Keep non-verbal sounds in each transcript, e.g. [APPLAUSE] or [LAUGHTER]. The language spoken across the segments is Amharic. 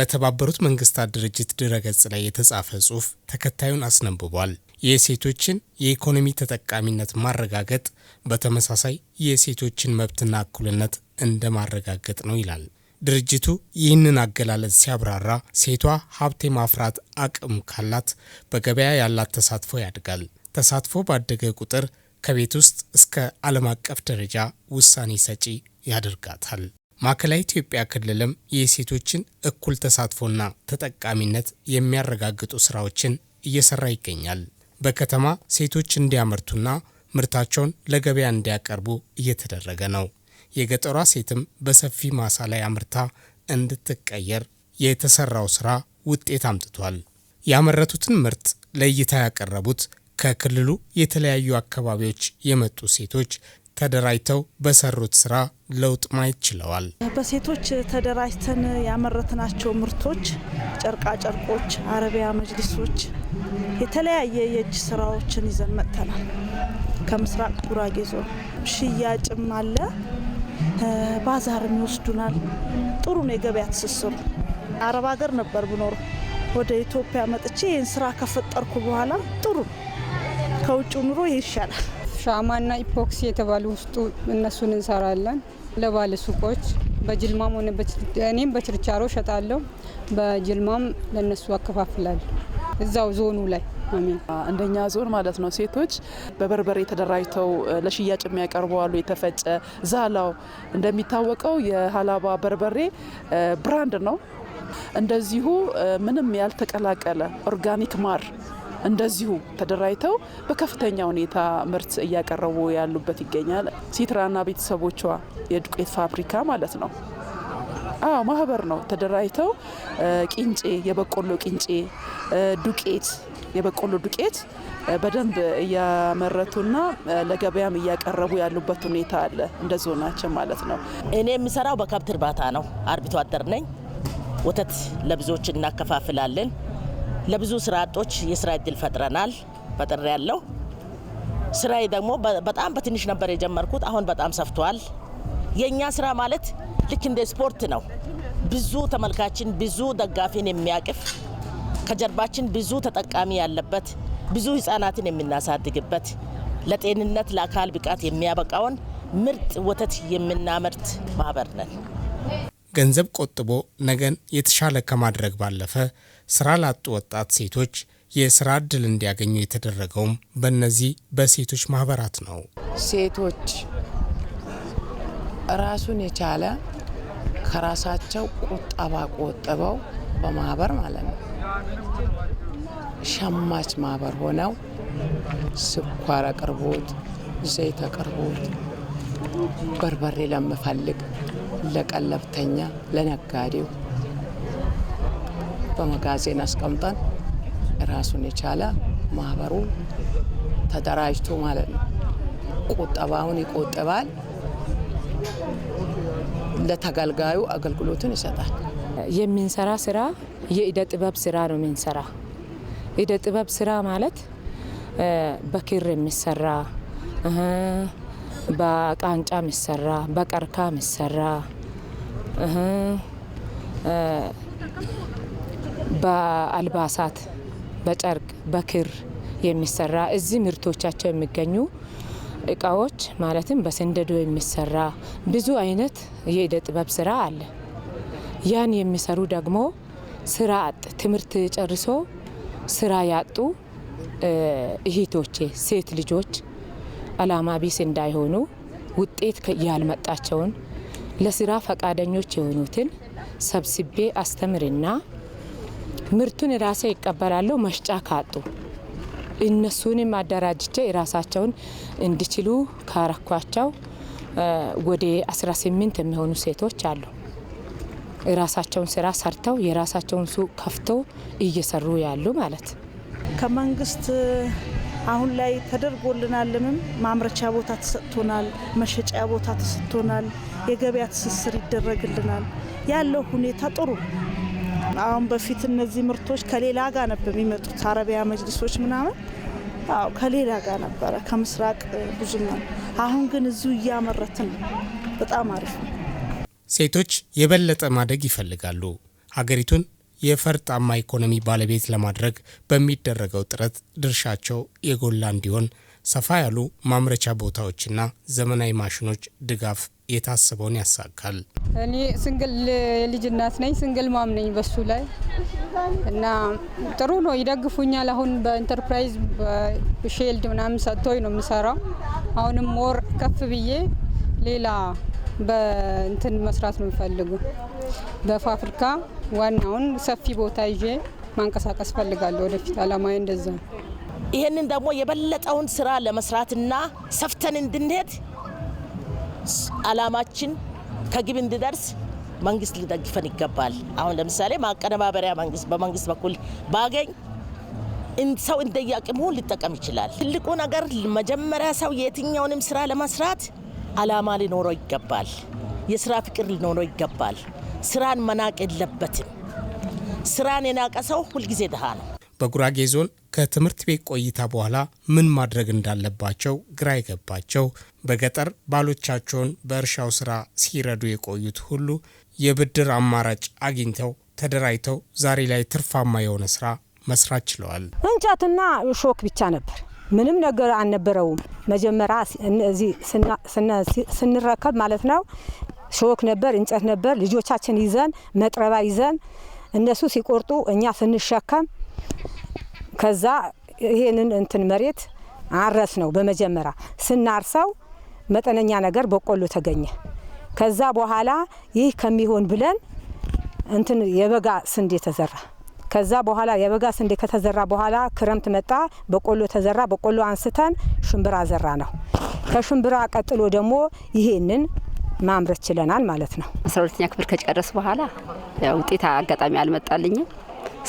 በተባበሩት መንግስታት ድርጅት ድረገጽ ላይ የተጻፈ ጽሑፍ ተከታዩን አስነብቧል። የሴቶችን የኢኮኖሚ ተጠቃሚነት ማረጋገጥ በተመሳሳይ የሴቶችን መብትና እኩልነት እንደ ማረጋገጥ ነው ይላል። ድርጅቱ ይህንን አገላለጽ ሲያብራራ ሴቷ ሀብት የማፍራት አቅም ካላት በገበያ ያላት ተሳትፎ ያድጋል። ተሳትፎ ባደገ ቁጥር ከቤት ውስጥ እስከ ዓለም አቀፍ ደረጃ ውሳኔ ሰጪ ያደርጋታል። ማዕከላዊ ኢትዮጵያ ክልልም የሴቶችን እኩል ተሳትፎና ተጠቃሚነት የሚያረጋግጡ ስራዎችን እየሰራ ይገኛል። በከተማ ሴቶች እንዲያመርቱና ምርታቸውን ለገበያ እንዲያቀርቡ እየተደረገ ነው። የገጠሯ ሴትም በሰፊ ማሳ ላይ አምርታ እንድትቀየር የተሰራው ስራ ውጤት አምጥቷል። ያመረቱትን ምርት ለእይታ ያቀረቡት ከክልሉ የተለያዩ አካባቢዎች የመጡ ሴቶች ተደራጅተው በሰሩት ስራ ለውጥ ማየት ችለዋል። በሴቶች ተደራጅተን ያመረትናቸው ምርቶች ጨርቃ ጨርቆች፣ አረቢያ መጅሊሶች፣ የተለያየ የእጅ ስራዎችን ይዘን መጥተናል። ከምስራቅ ጉራጌ ዞን ሽያጭም አለ፣ ባዛርም ይወስዱናል። ጥሩ ነው የገበያ ትስስሩ። አረብ ሀገር ነበር ብኖር ወደ ኢትዮጵያ መጥቼ ይህን ስራ ከፈጠርኩ በኋላ ጥሩ ከውጭ ኑሮ ይሻላል። ሻማና ኢፖክሲ የተባሉ ውስጡ እነሱን እንሰራለን። ለባለ ሱቆች በጅልማም ሆነ እኔም በችርቻሮ ሸጣለሁ፣ በጅልማም ለነሱ አከፋፍላል እዛው ዞኑ ላይ እንደኛ ዞን ማለት ነው። ሴቶች በበርበሬ ተደራጅተው ለሽያጭ የሚያቀርቡ አሉ። የተፈጨ ዛላው እንደሚታወቀው የሀላባ በርበሬ ብራንድ ነው። እንደዚሁ ምንም ያልተቀላቀለ ኦርጋኒክ ማር እንደዚሁ ተደራጅተው በከፍተኛ ሁኔታ ምርት እያቀረቡ ያሉበት ይገኛል። ሲትራና ቤተሰቦቿ የዱቄት ፋብሪካ ማለት ነው። አዎ ማህበር ነው። ተደራጅተው ቂንጬ የበቆሎ ቂንጬ ዱቄት የበቆሎ ዱቄት በደንብ እያመረቱና ለገበያም እያቀረቡ ያሉበት ሁኔታ አለ። እንደ ዞናችን ማለት ነው። እኔ የምሰራው በከብት እርባታ ነው። አርብቶ አደር ነኝ። ወተት ለብዙዎች እናከፋፍላለን። ለብዙ ስራ አጦች የስራ እድል ፈጥረናል ፈጥር ያለው ስራ ደግሞ በጣም በትንሽ ነበር የጀመርኩት። አሁን በጣም ሰፍቷል። የእኛ ስራ ማለት ልክ እንደ ስፖርት ነው። ብዙ ተመልካችን፣ ብዙ ደጋፊን የሚያቅፍ ከጀርባችን ብዙ ተጠቃሚ ያለበት፣ ብዙ ህጻናትን የምናሳድግበት፣ ለጤንነት ለአካል ብቃት የሚያበቃውን ምርጥ ወተት የምናመርት ማህበር ነን። ገንዘብ ቆጥቦ ነገን የተሻለ ከማድረግ ባለፈ ስራ ላጡ ወጣት ሴቶች የስራ እድል እንዲያገኙ የተደረገውም በእነዚህ በሴቶች ማህበራት ነው። ሴቶች ራሱን የቻለ ከራሳቸው ቁጠባ ቆጥበው በማህበር ማለት ነው ሸማች ማህበር ሆነው ስኳር አቅርቦት፣ ዘይት አቅርቦት፣ በርበሬ ለምፈልግ ለቀለብተኛ፣ ለነጋዴው በመጋዜን አስቀምጠን ራሱን የቻለ ማህበሩ ተደራጅቶ ማለት ነው ቁጠባውን ይቆጥባል። ለተገልጋዩ አገልግሎትን ይሰጣል። የምንሰራ ስራ የእደ ጥበብ ስራ ነው የምንሰራ። እደ ጥበብ ስራ ማለት በክር የሚሰራ በቃንጫ የሚሰራ በቀርካ የሚሰራ በአልባሳት፣ በጨርቅ፣ በክር የሚሰራ እዚህ ምርቶቻቸው የሚገኙ እቃዎች ማለትም በስንደዶ የሚሰራ ብዙ አይነት የእደ ጥበብ ስራ አለ። ያን የሚሰሩ ደግሞ ስራ አጥ ትምህርት ጨርሶ ስራ ያጡ እህቶቼ ሴት ልጆች አላማ ቢስ እንዳይሆኑ ውጤት ያልመጣቸውን ለስራ ፈቃደኞች የሆኑትን ሰብስቤ አስተምርና ምርቱን ራሴ ይቀበላለሁ። መሽጫ ካጡ እነሱንም አደራጅቼ የራሳቸውን እንዲችሉ ካረኳቸው ወደ 18 የሚሆኑ ሴቶች አሉ። የራሳቸውን ስራ ሰርተው የራሳቸውን ሱቅ ከፍተው እየሰሩ ያሉ ማለት ከመንግስት አሁን ላይ ተደርጎልናልምም ማምረቻ ቦታ ተሰጥቶናል፣ መሸጫ ቦታ ተሰጥቶናል። የገበያ ትስስር ይደረግልናል። ያለው ሁኔታ ጥሩ። አሁን በፊት እነዚህ ምርቶች ከሌላ ጋር ነበር የሚመጡት፣ አረቢያ መጅልሶች ምናምን ከሌላ ጋር ነበረ ከምስራቅ ብዙ ነው። አሁን ግን እዚሁ እያመረትን ነው። በጣም አሪፍ ነው። ሴቶች የበለጠ ማደግ ይፈልጋሉ። ሀገሪቱን የፈርጣማ ኢኮኖሚ ባለቤት ለማድረግ በሚደረገው ጥረት ድርሻቸው የጎላ እንዲሆን ሰፋ ያሉ ማምረቻ ቦታዎችና ዘመናዊ ማሽኖች ድጋፍ የታሰበውን ያሳካል። እኔ ስንግል የልጅ እናት ነኝ፣ ስንግል ማም ነኝ በሱ ላይ እና ጥሩ ነው ይደግፉኛል። አሁን በኢንተርፕራይዝ ሼልድ ምናምን ሰጥቶኝ ነው የምሰራው። አሁንም ሞር ከፍ ብዬ ሌላ በእንትን መስራት ነው የሚፈልጉ በፋብሪካ ዋናውን ሰፊ ቦታ ይዤ ማንቀሳቀስ ፈልጋለሁ። ወደፊት አላማዊ እንደዛ ነው። ይህንን ደግሞ የበለጠውን ስራ ለመስራትና ሰፍተን እንድንሄድ አላማችን ከግብ እንዲደርስ መንግስት ሊደግፈን ይገባል። አሁን ለምሳሌ ማቀነባበሪያ መንግስት በመንግስት በኩል ባገኝ ሰው እንደያቅሙ ሊጠቀም ይችላል። ትልቁ ነገር መጀመሪያ ሰው የትኛውንም ስራ ለመስራት አላማ ሊኖረው ይገባል። የስራ ፍቅር ሊኖረው ይገባል። ስራን መናቅ የለበትም። ስራን የናቀ ሰው ሁልጊዜ ድሃ ነው። በጉራጌ ዞን ከትምህርት ቤት ቆይታ በኋላ ምን ማድረግ እንዳለባቸው ግራ የገባቸው በገጠር ባሎቻቸውን በእርሻው ስራ ሲረዱ የቆዩት ሁሉ የብድር አማራጭ አግኝተው ተደራጅተው ዛሬ ላይ ትርፋማ የሆነ ስራ መስራት ችለዋል። እንጨትና ሾክ ብቻ ነበር፣ ምንም ነገር አልነበረውም። መጀመሪያ እዚህ ስንረከብ ማለት ነው ሾክ ነበር፣ እንጨት ነበር። ልጆቻችን ይዘን መጥረባ ይዘን እነሱ ሲቆርጡ እኛ ስንሸከም ከዛ ይሄንን እንትን መሬት አረስ ነው። በመጀመሪያ ስናርሰው መጠነኛ ነገር በቆሎ ተገኘ። ከዛ በኋላ ይህ ከሚሆን ብለን እንትን የበጋ ስንዴ ተዘራ። ከዛ በኋላ የበጋ ስንዴ ከተዘራ በኋላ ክረምት መጣ፣ በቆሎ ተዘራ። በቆሎ አንስተን ሽምብራ ዘራ ነው። ከሽምብራ ቀጥሎ ደግሞ ይሄንን ማምረት ችለናል ማለት ነው። አስራ ሁለተኛ ክፍል ከጨረስ በኋላ ውጤት አጋጣሚ አልመጣልኝም፣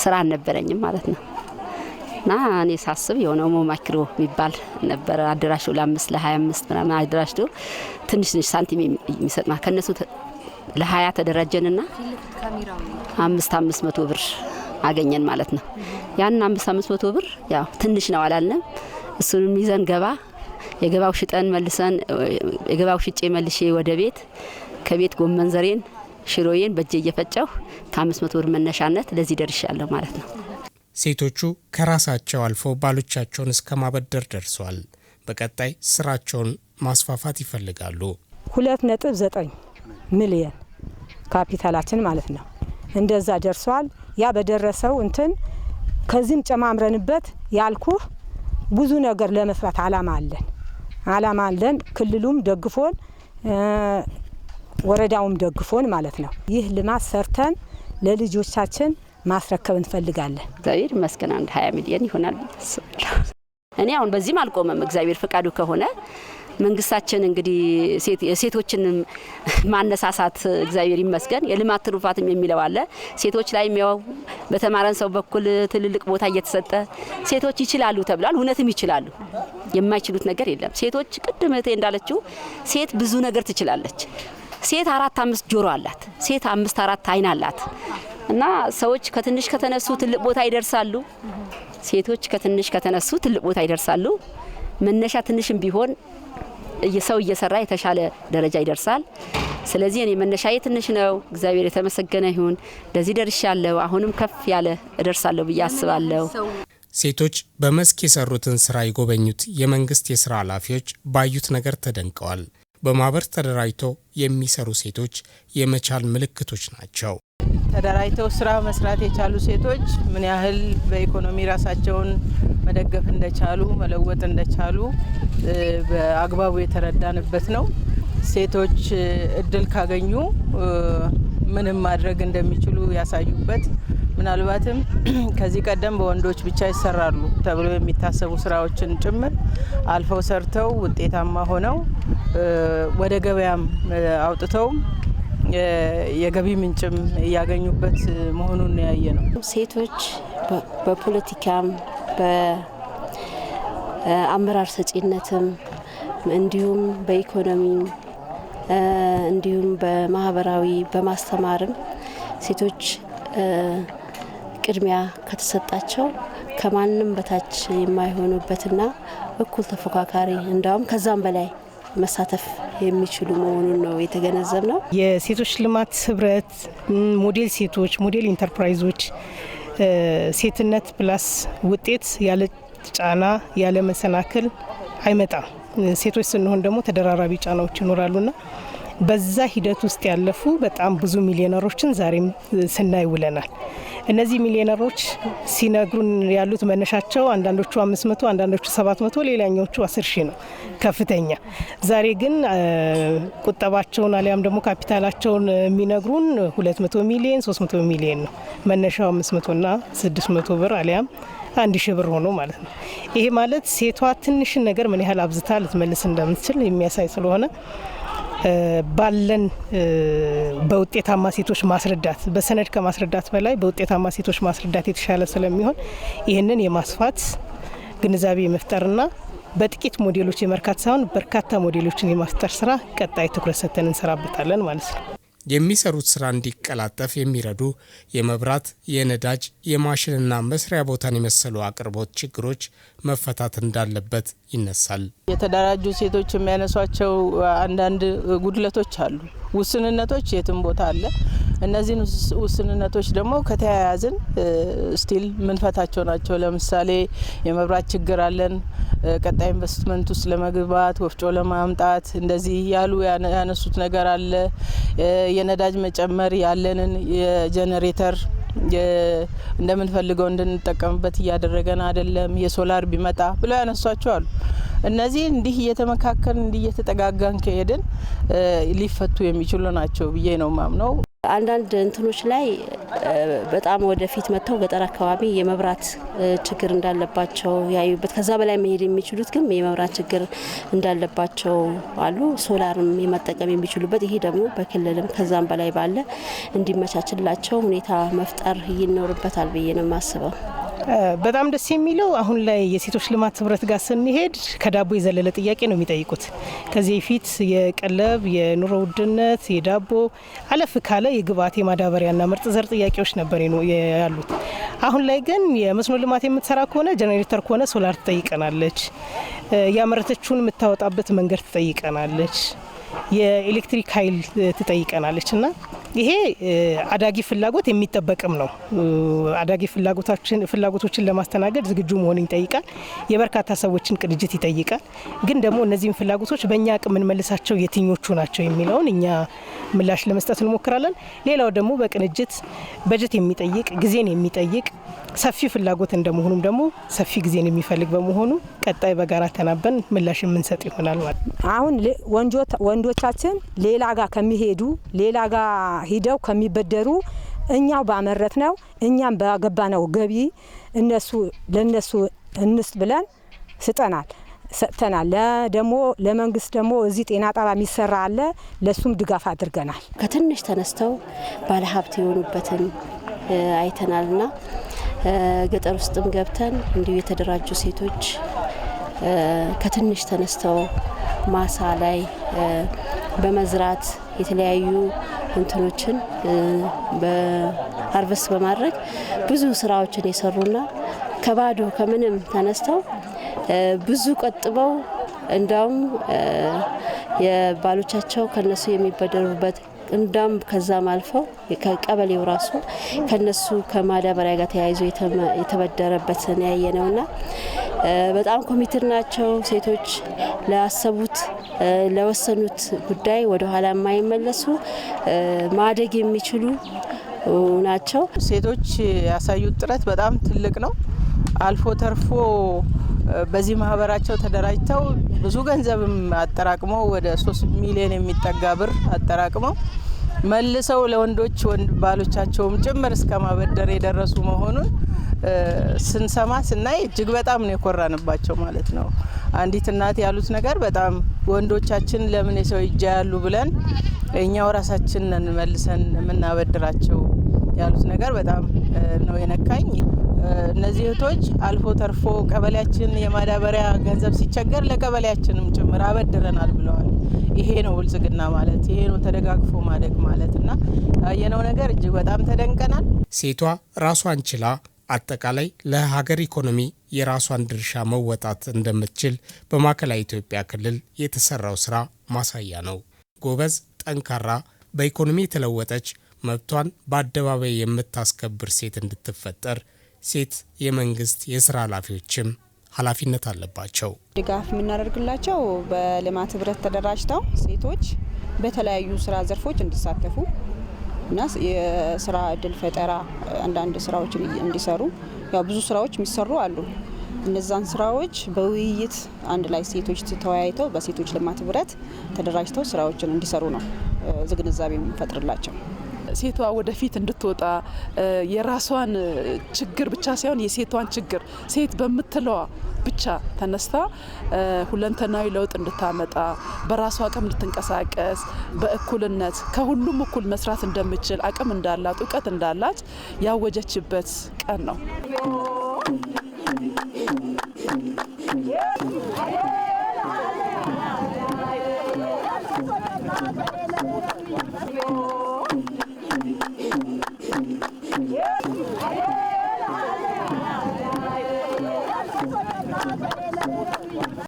ስራ አልነበረኝም ማለት ነው። እና እኔ ሳስብ የሆነ ሞ ሞማኪሮ የሚባል ነበረ አደራሽ ለአምስት ለሀያ አምስት ምናምን አደራሽ ትንሽ ትንሽ ሳንቲም የሚሰጥ ከእነሱ ለሀያ ተደራጀንና አምስት አምስት መቶ ብር አገኘን ማለት ነው። ያንን አምስት አምስት መቶ ብር ያው ትንሽ ነው አላልንም። እሱንም ይዘን ገባ የገባው ሽጠን መልሰን የገባው ሽጬ መልሼ ወደ ቤት ከቤት ጎመን ዘሬን ሽሮዬን በእጄ እየፈጨሁ ከአምስት መቶ ብር መነሻነት ለዚህ ደርሻለሁ ማለት ነው። ሴቶቹ ከራሳቸው አልፎ ባሎቻቸውን እስከ ማበደር ደርሰዋል በቀጣይ ስራቸውን ማስፋፋት ይፈልጋሉ። ሁለት ነጥብ ዘጠኝ ሚሊየን ካፒታላችን ማለት ነው እንደዛ ደርሷል። ያ በደረሰው እንትን ከዚህም ጨማምረንበት ያልኩህ ብዙ ነገር ለመስራት አላማ አለን አላማ አለን። ክልሉም ደግፎን ወረዳውም ደግፎን ማለት ነው። ይህ ልማት ሰርተን ለልጆቻችን ማስረከብ እንፈልጋለን። እግዚአብሔር ይመስገን አንድ ሀያ ሚሊዮን ይሆናል። እኔ አሁን በዚህም አልቆመም። እግዚአብሔር ፈቃዱ ከሆነ መንግስታችን እንግዲህ የሴቶችን ማነሳሳት እግዚአብሔር ይመስገን የልማት ትሩፋትም የሚለው አለ። ሴቶች ላይም ያው በተማረን ሰው በኩል ትልልቅ ቦታ እየተሰጠ ሴቶች ይችላሉ ተብሏል። እውነትም ይችላሉ፣ የማይችሉት ነገር የለም። ሴቶች ቅድም እህቴ እንዳለችው ሴት ብዙ ነገር ትችላለች። ሴት አራት አምስት ጆሮ አላት። ሴት አምስት አራት አይን አላት። እና ሰዎች ከትንሽ ከተነሱ ትልቅ ቦታ ይደርሳሉ። ሴቶች ከትንሽ ከተነሱ ትልቅ ቦታ ይደርሳሉ። መነሻ ትንሽም ቢሆን ሰው እየሰራ የተሻለ ደረጃ ይደርሳል። ስለዚህ እኔ መነሻዬ ትንሽ ነው። እግዚአብሔር የተመሰገነ ይሁን። ለዚህ ደርሻለሁ። አሁንም ከፍ ያለ እደርሳለሁ ብዬ አስባለሁ። ሴቶች በመስክ የሰሩትን ስራ የጎበኙት የመንግስት የስራ ኃላፊዎች ባዩት ነገር ተደንቀዋል። በማህበር ተደራጅተው የሚሰሩ ሴቶች የመቻል ምልክቶች ናቸው። ተደራጅተው ስራ መስራት የቻሉ ሴቶች ምን ያህል በኢኮኖሚ ራሳቸውን መደገፍ እንደቻሉ መለወጥ እንደቻሉ በአግባቡ የተረዳንበት ነው። ሴቶች እድል ካገኙ ምንም ማድረግ እንደሚችሉ ያሳዩበት ምናልባትም [CLEARS THROAT] ከዚህ ቀደም በወንዶች ብቻ ይሰራሉ ተብሎ የሚታሰቡ ስራዎችን ጭምር አልፈው ሰርተው ውጤታማ ሆነው ወደ ገበያም አውጥተውም የገቢ ምንጭም እያገኙበት መሆኑን ያየ ነው። ሴቶች በፖለቲካም በአመራር ሰጪነትም እንዲሁም በኢኮኖሚም እንዲሁም በማህበራዊ በማስተማርም ሴቶች ቅድሚያ ከተሰጣቸው ከማንም በታች የማይሆኑበትና እኩል ተፎካካሪ እንዳውም ከዛም በላይ መሳተፍ የሚችሉ መሆኑን ነው የተገነዘብ ነው። የሴቶች ልማት ህብረት፣ ሞዴል ሴቶች፣ ሞዴል ኢንተርፕራይዞች ሴትነት ፕላስ ውጤት ያለ ጫና ያለ መሰናክል አይመጣም። ሴቶች ስንሆን ደግሞ ተደራራቢ ጫናዎች ይኖራሉና በዛ ሂደት ውስጥ ያለፉ በጣም ብዙ ሚሊዮነሮችን ዛሬም ስናይ ውለናል። እነዚህ ሚሊዮነሮች ሲነግሩን ያሉት መነሻቸው አንዳንዶቹ አምስት መቶ አንዳንዶቹ ሰባት መቶ ሌላኛዎቹ አስር ሺህ ነው ከፍተኛ። ዛሬ ግን ቁጠባቸውን አሊያም ደግሞ ካፒታላቸውን የሚነግሩን ሁለት መቶ ሚሊየን ሶስት መቶ ሚሊየን ነው መነሻው አምስት ና ስድስት መቶ ብር አሊያም አንድ ሺህ ብር ሆኖ ማለት ነው። ይሄ ማለት ሴቷ ትንሽን ነገር ምን ያህል አብዝታ ልትመልስ እንደምትችል የሚያሳይ ስለሆነ ባለን በውጤታማ ሴቶች ማስረዳት በሰነድ ከማስረዳት በላይ በውጤታማ ሴቶች ማስረዳት የተሻለ ስለሚሆን ይህንን የማስፋት ግንዛቤ የመፍጠርና በጥቂት ሞዴሎች የመርካት ሳይሆን በርካታ ሞዴሎችን የማፍጠር ስራ ቀጣይ ትኩረት ሰጥተን እንሰራበታለን ማለት ነው። የሚሰሩት ስራ እንዲቀላጠፍ የሚረዱ የመብራት፣ የነዳጅ፣ የማሽንና መስሪያ ቦታን የመሰሉ አቅርቦት ችግሮች መፈታት እንዳለበት ይነሳል። የተደራጁ ሴቶች የሚያነሷቸው አንዳንድ ጉድለቶች አሉ፣ ውስንነቶች የትም ቦታ አለ። እነዚህን ውስንነቶች ደግሞ ከተያያዝን ስቲል ምንፈታቸው ናቸው። ለምሳሌ የመብራት ችግር አለን። ቀጣይ ኢንቨስትመንት ውስጥ ለመግባት ወፍጮ ለማምጣት እንደዚህ ያሉ ያነሱት ነገር አለ። የነዳጅ መጨመር ያለንን የጀኔሬተር እንደምንፈልገው እንድንጠቀምበት እያደረገን አይደለም። የሶላር ቢመጣ ብለው ያነሷቸው አሉ። እነዚህ እንዲህ እየተመካከል እንዲህ እየተጠጋጋን ከሄድን ሊፈቱ የሚችሉ ናቸው ብዬ ነው ማምነው። አንዳንድ እንትኖች ላይ በጣም ወደፊት መጥተው ገጠር አካባቢ የመብራት ችግር እንዳለባቸው ያዩበት ከዛ በላይ መሄድ የሚችሉት ግን የመብራት ችግር እንዳለባቸው አሉ። ሶላርም የመጠቀም የሚችሉበት ይሄ ደግሞ በክልልም ከዛም በላይ ባለ እንዲመቻችላቸው ሁኔታ መፍጠር ይኖርበታል ብዬ ነው የማስበው። በጣም ደስ የሚለው አሁን ላይ የሴቶች ልማት ህብረት ጋር ስንሄድ ከዳቦ የዘለለ ጥያቄ ነው የሚጠይቁት። ከዚህ በፊት የቀለብ፣ የኑሮ ውድነት፣ የዳቦ አለፍ ካለ የግብአት የማዳበሪያና ምርጥ ዘር ጥያቄዎች ነበር ያሉት። አሁን ላይ ግን የመስኖ ልማት የምትሰራ ከሆነ ጀኔሬተር ከሆነ ሶላር ትጠይቀናለች። ያመረተችውን የምታወጣበት መንገድ ትጠይቀናለች። የኤሌክትሪክ ኃይል ትጠይቀናለች እና ይሄ አዳጊ ፍላጎት የሚጠበቅም ነው። አዳጊ ፍላጎቶችን ለማስተናገድ ዝግጁ መሆኑ ይጠይቃል። የበርካታ ሰዎችን ቅንጅት ይጠይቃል። ግን ደግሞ እነዚህም ፍላጎቶች በእኛ አቅም የምንመልሳቸው የትኞቹ ናቸው የሚለውን እኛ ምላሽ ለመስጠት እንሞክራለን። ሌላው ደግሞ በቅንጅት በጀት የሚጠይቅ ጊዜን የሚጠይቅ ሰፊ ፍላጎት እንደመሆኑም ደግሞ ሰፊ ጊዜን የሚፈልግ በመሆኑ ቀጣይ በጋራ ተናበን ምላሽ የምንሰጥ ይሆናል ማለት ነው። አሁን ወንዶቻችን ሌላ ጋር ከሚሄዱ ሌላ ጋር ሂደው ከሚበደሩ እኛው ባመረት ነው እኛም በገባ ነው ገቢ እነሱ ለነሱ እንስጥ ብለን ስጠናል ሰጥተናል። ለደሞ ለመንግስት ደግሞ እዚህ ጤና ጣባ የሚሰራ አለ፣ ለሱም ድጋፍ አድርገናል። ከትንሽ ተነስተው ባለሀብት የሆኑበትን አይተናልና ገጠር ውስጥም ገብተን እንዲሁ የተደራጁ ሴቶች ከትንሽ ተነስተው ማሳ ላይ በመዝራት የተለያዩ እንትኖችን በሀርቨስት በማድረግ ብዙ ስራዎችን የሰሩና ከባዶ ከምንም ተነስተው ብዙ ቆጥበው እንዳውም የባሎቻቸው ከነሱ የሚበደሩበት እንዳም ከዛም አልፈው ከቀበሌው ራሱ ከነሱ ከማዳበሪያ ጋር ተያይዞ የተበደረበትን ያየ ነውና በጣም ኮሚትር ናቸው ሴቶች ላሰቡት ለወሰኑት ጉዳይ ወደኋላ የማይመለሱ ማደግ የሚችሉ ናቸው። ሴቶች ያሳዩት ጥረት በጣም ትልቅ ነው። አልፎ ተርፎ በዚህ ማህበራቸው ተደራጅተው ብዙ ገንዘብም አጠራቅመው ወደ ሶስት ሚሊዮን የሚጠጋ ብር አጠራቅመው መልሰው ለወንዶች ወንድ ባሎቻቸውም ጭምር እስከ ማበደር የደረሱ መሆኑን ስንሰማ ስናይ እጅግ በጣም ነው የኮራንባቸው ማለት ነው። አንዲት እናት ያሉት ነገር በጣም ወንዶቻችን ለምን የሰው እጃ ያሉ ብለን እኛው ራሳችንን መልሰን የምናበድራቸው ያሉት ነገር በጣም ነው የነካኝ። እነዚህ እህቶች አልፎ ተርፎ ቀበሌያችን የማዳበሪያ ገንዘብ ሲቸገር ለቀበሌያችንም ጭምር አበድረናል ብለዋል። ይሄ ነው ብልጽግና ማለት፣ ይሄ ነው ተደጋግፎ ማደግ ማለት እና ያየነው ነገር እጅግ በጣም ተደንቀናል። ሴቷ ራሷን ችላ አጠቃላይ ለሀገር ኢኮኖሚ የራሷን ድርሻ መወጣት እንደምትችል በማዕከላዊ ኢትዮጵያ ክልል የተሰራው ስራ ማሳያ ነው። ጎበዝ፣ ጠንካራ፣ በኢኮኖሚ የተለወጠች መብቷን በአደባባይ የምታስከብር ሴት እንድትፈጠር ሴት የመንግስት የስራ ኃላፊዎችም ኃላፊነት አለባቸው። ድጋፍ የምናደርግላቸው በልማት ህብረት ተደራጅተው ሴቶች በተለያዩ ስራ ዘርፎች እንዲሳተፉ እና የስራ እድል ፈጠራ አንዳንድ ስራዎችን እንዲሰሩ ያው ብዙ ስራዎች የሚሰሩ አሉ። እነዛን ስራዎች በውይይት አንድ ላይ ሴቶች ተወያይተው በሴቶች ልማት ህብረት ተደራጅተው ስራዎችን እንዲሰሩ ነው ዝግንዛቤ የምንፈጥርላቸው። ሴቷ ወደፊት እንድትወጣ የራሷን ችግር ብቻ ሳይሆን የሴቷን ችግር ሴት በምትለዋ ብቻ ተነስታ ሁለንተናዊ ለውጥ እንድታመጣ በራሷ አቅም እንድትንቀሳቀስ በእኩልነት ከሁሉም እኩል መስራት እንደምችል አቅም እንዳላት እውቀት እንዳላት ያወጀችበት ቀን ነው።